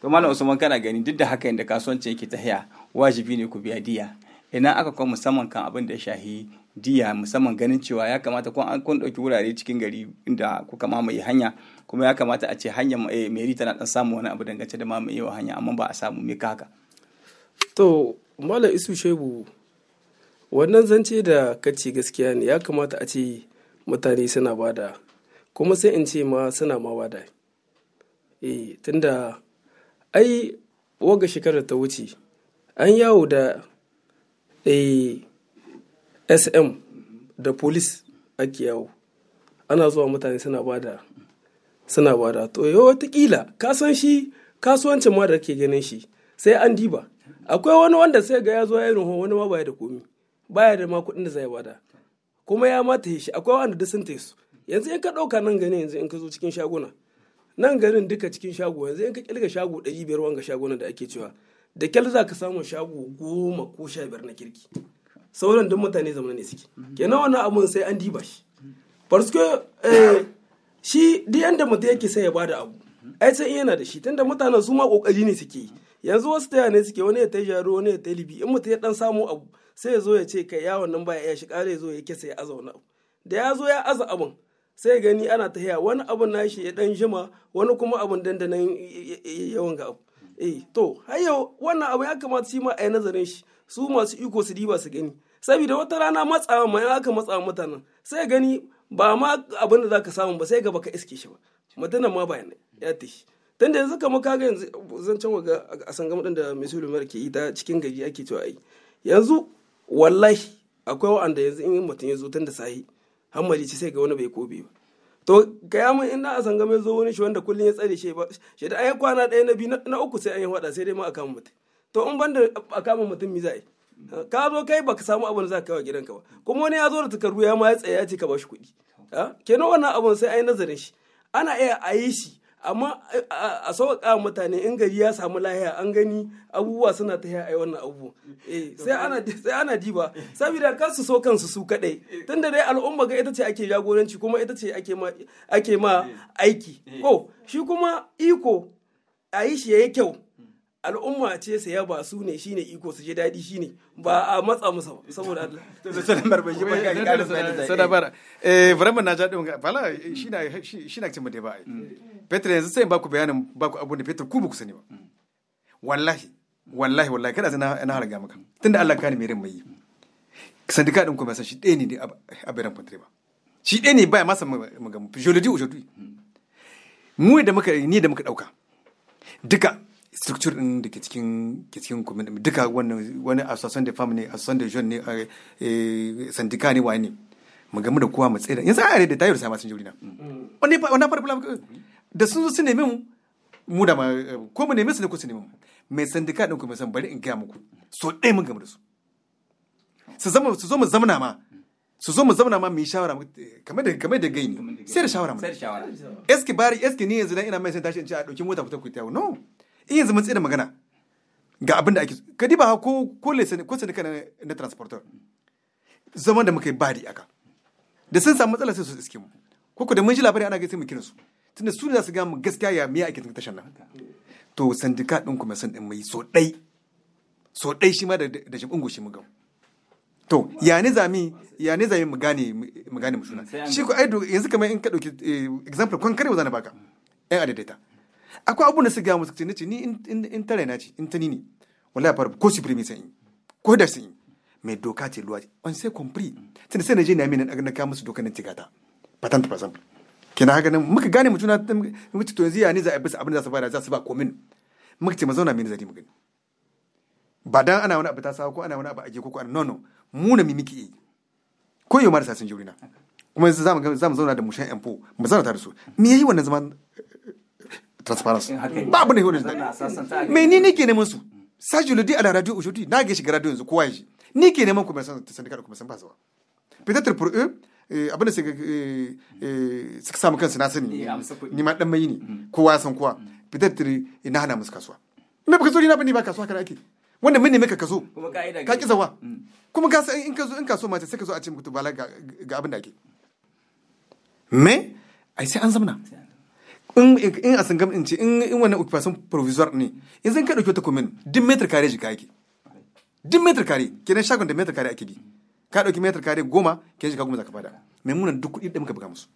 da mm. usman kana gani duk da haka inda kasuwanci yake tahiya wajibi ne ku biya diya ina aka kwa musamman kan abin da ya shahi diya musamman ganin cewa ya kamata kun an kun wurare cikin gari inda kuka mamaye hanya kuma ya kamata a ce hanyar eh, mai tana dan samu wani abu dangance da mamayewa hanya amma ba a samu mika haka To, Malam Isu Shebu, wannan zance da kace gaskiya ne ya kamata a ce mutane suna bada, kuma sai in ce ma suna ma bada. E, eh, tunda ai waga shekarar ta wuce, an yawo da e, eh, SM da polis ake yawo, ana zuwa mutane suna bada, suna bada. To, yau watakila, ka shi kasuwancin ma da ke ganin shi, sai an diba. akwai wani wanda sai ga ya zo ya yi ruhu wani ma baya da komi baya da ma kuɗin da zai bada kuma ya mata shi akwai wanda duk sun su yanzu in ka ɗauka nan gani yanzu in ka zo cikin shaguna nan garin duka cikin shago yanzu in ka kirga shago ɗari biyar wanga shaguna da ake cewa da kyal za ka samu shago goma ko sha biyar na kirki sauran duk mutane zama ne suke kenan wannan abun sai an diba shi farsko eh, shi duk yanda mutum yake sai ya bada abu ai sai yana da shi tunda mutanen su ma kokari ne suke yi yanzu wasu taya ne suke wani ya ta jaru wani ya ta libi in mutum ya dan samu abu sai ya zo ya ce kai yawon nan baya ya shiga kare ya zo ya kesa ya aza wani abu da ya zo ya aza abun sai gani ana ta haya wani abun shi ya dan jima wani kuma abun dandanan yawan ga abu eh to har yau wannan abu ya kamata shi ma a yi nazarin shi su masu iko su diba su gani saboda wata rana matsawa ma ya aka matsawa mutanen sai gani ba ma abin da zaka samu ba sai gaba ka iske shi ba mutanen ma bayanai ya tashi tun da yanzu kamar kaga yanzu can waga a san gama da Messi Lumar ke yi ta cikin gari ake cewa ai yanzu wallahi akwai wa'anda yanzu in mutum ya zo tun da sahi hammali ci sai ga wani bai kobe ba to gaya mun in na a sangama ya zo wani shi wanda kullum ya tsare shi ba shi da ayi kwana ɗaya na biyu na uku sai an yi hada sai dai ma a kama mutum to in banda a kama mutum mi za yi ka zo kai baka samu abin da za ka kawo gidanka ba kuma wani ya zo da takardu ya ma ya tsaya ya ce ka ba shi kuɗi ah, kenan wannan abin sai yi nazarin shi ana iya a yi shi amma eh, a sauƙaƙa mutane in gari ya samu lahiya an gani abubuwa suna ta a wannan abu eh, sai ana diba saboda kan su so kansu su kadai tunda dai al'umma ga ita ce ake jagoranci kuma ita ce ake ma eh. aiki ko oh, shi kuma iko a yi shi yi kyau al'umma ce saya ba su ne shine iko su ji daɗi shine ba a matsa musa ba saboda Allah <laughs> to da sanan barban shi ban ga bara eh vraiment na jaɗin ga bala shine shine ce mu da ba ai mm. yanzu sai ba ku bayanin ku abu da Petro ku ba ku sani ba mm. wallahi wallahi wallahi kada sai na harga maka tunda Allah kani mai rin mai sandika din kuma san shi ɗaya ne a bayan Petro ba shi ɗaya ne ya masa magamu. je le dis aujourd'hui mu da muka ni da muka dauka duka structure din da ke cikin ke cikin kuma duka wannan wani association de femme ne association de jeune ne eh, eh, sandika ne wani mu gamu da kowa mu tsira yanzu a da tayar sai ma sun jurina wani wani fara problem da sun zo su neme mu mu da eh, ko mu neme su ne ko su neme mu mai sandika din ku mai san bari in ga muku so dai mun gamu da su su zama su zo mu zamana ma su zo mu zamana ma mu yi shawara kamar da kamar da gaini sai da shawara mu sai da shawara eski bari eski ni yanzu dan ina mai san tashi in ce a dauki mota ku ta ku ta no in yanzu mun da magana ga abin da ake so ka diba ko ko lesson ko sanika na, na transporter zaman da muka yi bari aka da sun samu matsala sai su iske mu ko ko da mun ji labari ana gaisa mu kira su tunda su ne za su ga mu gaskiya ya miya ake tashar nan to sandika din kuma san din mai so dai so dai shi ma da da jibin goshi mu ga to ya ne zami ya ne zami mu gane mu gane mu suna shi ko ai yanzu kamar in ka dauki eh, example kon kare zan baka yan adadaita akwai abun da su gaya musu ce ni in ta na ci in ta nini ne wallahi fara ko sifiri mai sanyi ko da sanyi mai doka ce luwa on sai compris tunda sai na je na mai na kawo musu doka nan cigata patent for example kina haka nan muka gane mutuna na mutum to yanzu ya ne za a bisa abin da za su fara za su ba komin muka ce mu zauna mai nazari mu gani ba dan ana wani abu ta sawa ko ana wani abu a ko ko ana no no mu na mimiki yi ko yau marasa sun jurina kuma yanzu za mu zauna da mushan yan mu zauna tare da su me yayi wannan zaman transparency ba abin da yau da me ni nake neman su sashi ludi a radio aujourd'hui na ga shiga radio yanzu kowa ya ni ke neman kuma san sanar da kuma san ba zuwa peut-être pour eux eh, abin da suka eh, eh, suka samu kansu na sani ni ma dan mai ne mm. kowa san kowa peut-être na hana musu kasuwa me baka so ni na bani ba kasuwa kana ake wanda mun ne muka kaso ka ki zawa mm. kuma ka in ka zo in kaso ma sai ka zo a ce mutu bala ga abin da ake me ai sai an zamna in a sangam in ce in in wannan occupation provisoire ne in zan kai dauke ta commune din meter kare jika yake din meter kare kenan shagon da meter kare ake bi ka dauki meter kare goma kenan jika goma zaka fada mai munan duk kuɗi da muka buga musu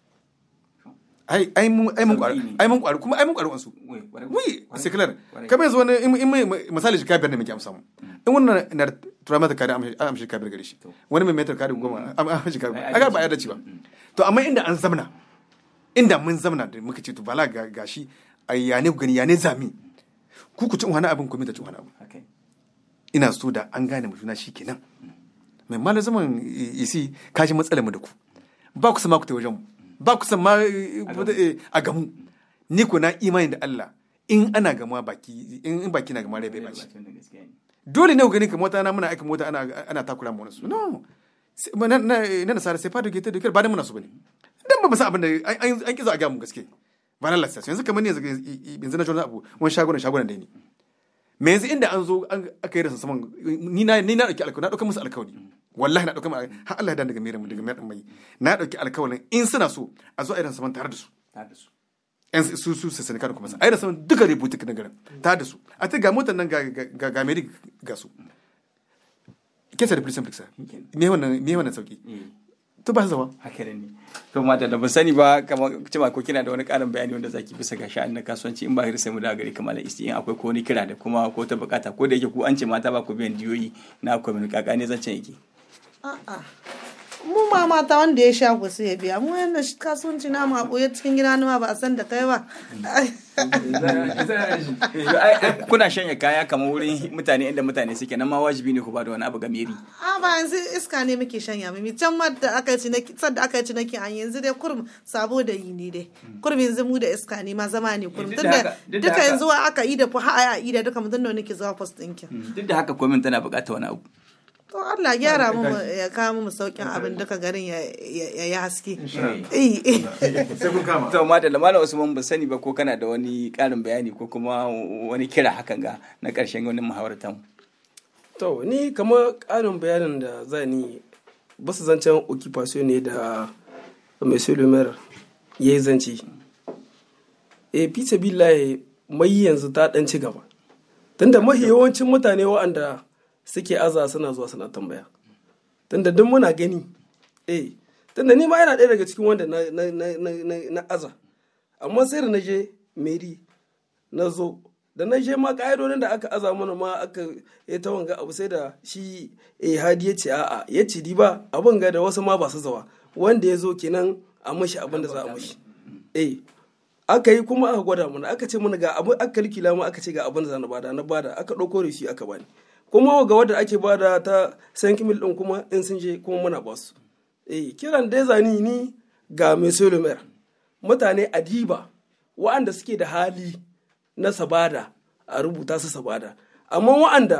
ai ai mun ai mun kwaro ai mun kwaro kuma ai mun kwaro wansu wi secular kamar yanzu wani in mai misali jika biyar ne muke amsa mu mm. in wannan na tramata kare amshi kabir gari shi wani mai meter kare goma amshi kabir aka ba ya dace ba mm. to amma inda an zamna inda mun zamana da muka ce to bala ga shi. ya ne gani ya ne zami ku ku ci wani abin ku mita ci wani abin ina so da an gane mu juna shikenan mai mala zaman isi eh, eh, kashi matsalar mu da ku ba ku sama ku ta wajen mu ba ku sama eh, a gamu ni ko na imani da Allah in ana gama baki in baki na gama rai bai baci dole ne ku gani kamar na muna aika mota ana ana takura mu wani su no na na sai fa da ke ta da ba da muna su bane dan ba mu san abin da an kiza a ga gaske ba na lifestyle yanzu kamar ne yanzu na jona abu wani shagunan shagunan da ne me yanzu inda an zo aka yi da ni na ni na dauki alkawari na dauka musu alkawari wallahi na dauka mu har Allah ya daga mera mu daga mera mai na dauki alkawarin in suna so a zo a yi da saman tare da su tare da su yan su su su sanika da kuma a yi da saman duka da butik na garin tare da su a ta ga motar nan ga ga ga meri ga su kesa da prison fixer me wannan me wannan sauki to ba zama haka ne to mata da ban sani ba kamar cewa ko kina da wani karin bayani wanda zaki bisa ga sha'anin na kasuwanci in ba hirsa mu da gari kamar isti in akwai ko wani kira da kuma ko ta bukata ko da yake ku an ce mata ba ku biyan diyoyi na ku min kaka ne ce yake a'a mu ma mata wanda ya sha ku sai ya biya mu yanda kasuwanci na mu a ɓoye cikin gida ma ba a san da kai ba <laughs> kuna shanya kaya kamar wurin mutane inda mutane suke nan ma wajibi ne ku ba da wani abu ga meri a ba yanzu iska ne muke shanya mimi can ma da aka ci naki sadda aka ci naki an yanzu dai kurum sabo da yi ne dai kurum yanzu mu da iska ne ma zama ne kurum tunda duka yanzu aka yi da fa a yi da duka mutum da wani ke zuwa post ɗinkin duk da haka komin tana bukata wani abu to Allah gyara mu ya kawo mu saukin abin duka garin ya yi haske eh, eh. to da malam usman ba sani ba ko kana da wani karin bayani ko kuma wani kira hakan ga na karshen wani muhawaratan to ni kamar karin bayanin da zan yi ba su zancen occupation ne da mai solomar ya yi zance e eh, pizza billahi mai yanzu ta dan ci gaba tunda mahi yawancin mutane waɗanda suke aza suna zuwa suna tambaya tunda duk muna gani eh tunda ni ma yana ɗaya daga cikin wanda na aza amma sai da na je meri na zo da na je ma ƙa'idodin da aka aza mana ma aka yi eh, ta wanga abu sai da shi eh hadi ya ce a'a ya ce di ba abin ga da wasu ma ba su zawa wanda ya zo kenan a mashi abin da za a mashi eh aka yi kuma aka gwada mana aka ce mana ga abin aka likila mu aka ce ga abin da za na bada na bada aka ɗauko shi aka bani kuma ga wadda ake bada ta san kimil din kuma in sun je kuma muna ba su eh kiran dai zani ni ga mesolomer mutane adiba wa'anda suke da hali na sabada a rubuta su sabada amma wa'anda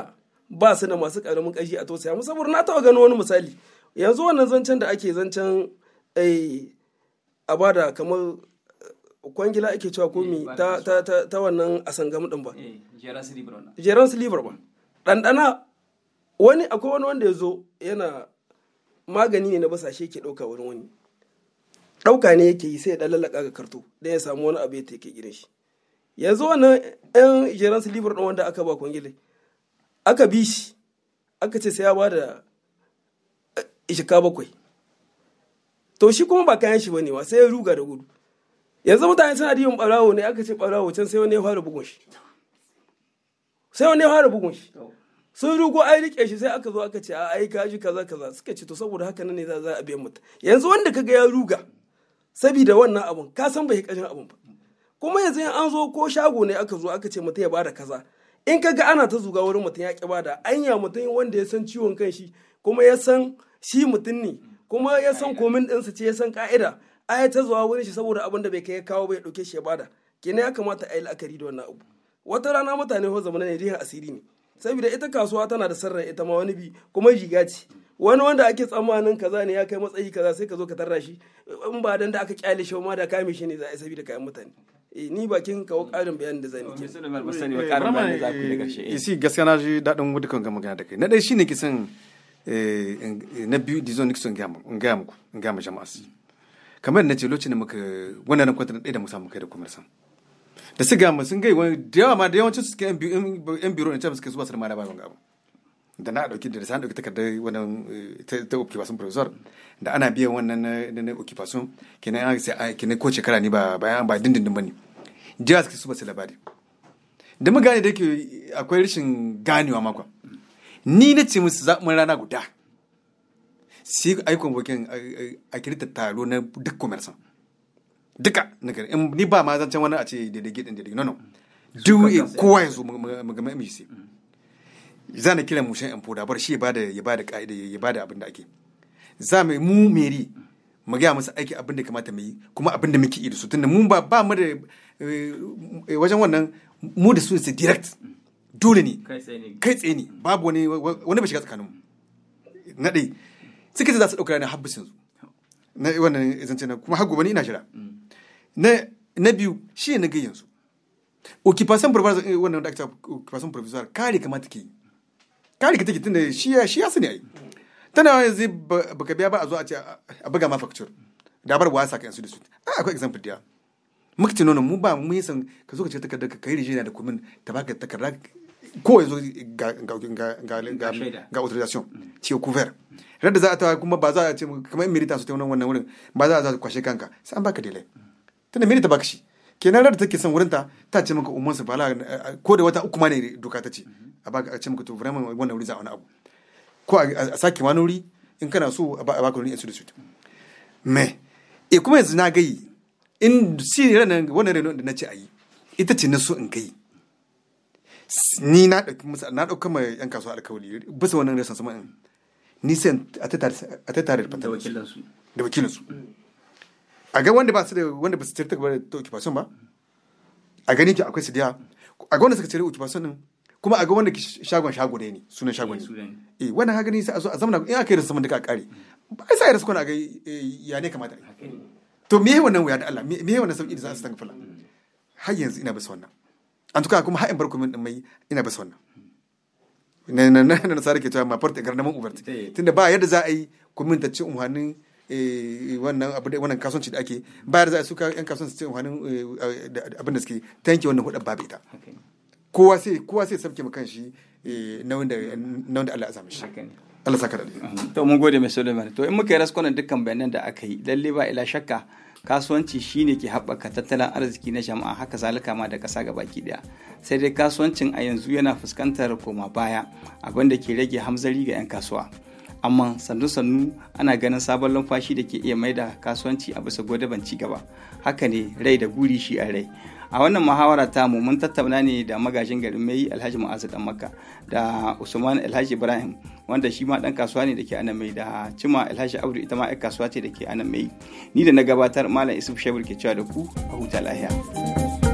ba su da masu ƙaramin ƙashi a tausaya mu saboda na taɓa gano wani misali yanzu wannan zancen da ake zancen eh, a bada kamar eh, kwangila ake cewa komi eh, ta wannan asangam din ba jeran silibar ba ɗanɗana wani akwai wani wanda ya zo yana magani ne na shi yake ɗauka wani wani ɗauka ne yake yi sai ya ɗan ga karto don ya samu wani abu ya take gidan shi yanzu wannan yan jeran silifar ɗin wanda aka ba kwangile aka bi shi aka ce sai ya ba da ishika eh, bakwai to shi kuma ba kayan shi ba ne wa sai ya ruga da gudu yanzu mutane suna da yin ɓarawo ne aka ce ɓarawo can sai wani ya fara bugun shi sai wani ya fara bugun shi sun rugo ai rike shi sai aka zo aka ce a ai kaji kaza kaza suka ce to saboda haka nan ne za a biya mutum yanzu wanda kaga ya ruga sabida wannan abun ka san bai kashin abun ba kuma yanzu in an zo ko shago ne aka zo aka ce mutum ya bada kaza in kaga ana ta zuga wurin mutum ya ki bada anya mutum wanda ya san ciwon kan shi kuma ya san shi mutum ne kuma ya san komin ɗinsa ce ya san ka'ida ai ta zuwa wurin shi saboda abin da bai kai ya kawo bai ɗauke shi ya bada kenan ya kamata a yi la'akari da wannan abu wata rana mutane ho zamana ne rihin asiri ne saboda ita kasuwa tana da sarra ita ma wani bi kuma riga ce wani wanda ake tsammanin kaza ne ya kai matsayi kaza sai ka zo ka tarra shi in ba dan da aka kyale shi ma da ka shi ne za a saboda kayan mutane eh ni bakin kawo karin bayani da zan yi ba sani ba karin bayanin za ku daga shi eh si gaskiya na ji dadin dukan ga magana da kai na dai shine kisan eh, eh, na biyu dizon nixon ga gaya ga mu gaya ma jama'a kamar na ce lokacin da muka wannan kwatar ɗaya da muka samu kai da san. da su gama sun gai wani da yawa ma da yawancin suke yan biro in ce suke zuwa su da ma labarin da na dauki da san dauki takardar wannan eh, ta occupation professor da ana biya wannan na occupation kenan sai kenan ko shekara ne ba bayan ba dindindin bane jiya suke su ba su labari da mu gane da yake akwai rashin ganewa makon ni na ce musu zaɓin rana guda sai aikon bokin a kirita taro na duk komersan duka na gari ni ba ma zancen wani a ce daidai din daidai nono no duk kowa ya zo mu ga MGC za na kira mushen info da bar shi ya bada ya bada ka'ida ya ba da abin da ake za mu mu meri mu ga musu aiki abin da kamata mu yi kuma abin da muke idu su tunda mu ba ba mu da eh, wajen wannan mu da su su direct dole ne kai tsaye ne babu wani wani ba shiga tsakanin mu na dai suka za su dauka ranar habbisin su hmm. na wannan zance na kuma har gobe ni ina jira hmm. na na biyu shi ne na gai yanzu occupation provisoire eh, wannan da aka occupation provisoire kare kamata ke kare ka take tunda shi ya shi ya sani ai tana yanzu baka biya ba a zo a ce a buga ma facture da bar wasa ka yansu da su a akwai example da muka ce nono mu ba mu yi san ka zo ka ce takarda ka kai rijina da kumin ta baka takarda ko yanzu ga ga ga ga ga ga autorisation ce couvert rada za a ta kuma ba za a ce kamar meritan su ta wannan wannan wurin ba za a za kwashe kanka sai an baka delay tunda mene ta baka shi kenan rar da take son wurinta ta ce maka umman su bala ko da wata uku ma ne doka ta ce a baka a ce maka to vraiment wannan wuri za a wani abu ko a sake wani wuri in kana so a baka wani insu da su me e kuma yanzu na gayi in si ranar wannan reno da na ce a yi ita ce na so in gayi ni na ɗauki musa na ɗauka ma yan kasuwa alkawali bisa wannan rasan sama in ni sai a tattare da wakilansu da wakilansu a ga wanda ba su da wanda ba su cire da ta occupation ba a gani ki akwai su da a ga wanda suka cire occupation din kuma a ga wanda shagon shago ɗaya ne sunan shagon ne eh wannan haka ne sai a zo a zamana in aka yi rasu duka kare ba sai a rasu kwana ga eh, ya ne kamata to me wannan wuya da Allah me wannan sauki da za su tanga fala har yanzu ina bisa wannan an tuka kuma ha'in barku min din mai ina bisa wannan na na na na sare ke cewa ma porte garnamin ubert eh. tunda ba yadda za a yi kumin ta ci umhanin Eh, wannan abu da wannan kasuwanci da ake bayar za a suka yan kasuwanci su ce wani eh, abin da suke tanki wannan hudar babu ita kowa sai kowa sai sabke kan shi eh, na wanda na wanda Allah ya samu shi Allah saka da to mun gode mai Suleiman to in muka yi raskon dukkan bayanan da aka yi lalle ba ila shakka kasuwanci shine ke haɓaka tattalin arziki na jama'a haka zalika ma da ƙasa gabaki daya sai dai kasuwancin a yanzu yana fuskantar koma baya abinda ke rage hamzari ga 'yan kasuwa amma sannu-sannu ana ganin sabon lumfashi da ke iya mai da kasuwanci a bisa ban ci gaba haka ne rai da guri shi a rai a wannan muhawara ta mun tattauna ne da magajin garin mai alhaji ma'azu dan makka da usman alhaji ibrahim wanda shi ma dan kasuwa ne da ke anan mai da cima alhaji abdu ita ma kasuwa ce da ke anan mai ni da na gabatar malam isuf shebur ke cewa da ku a huta lahiya.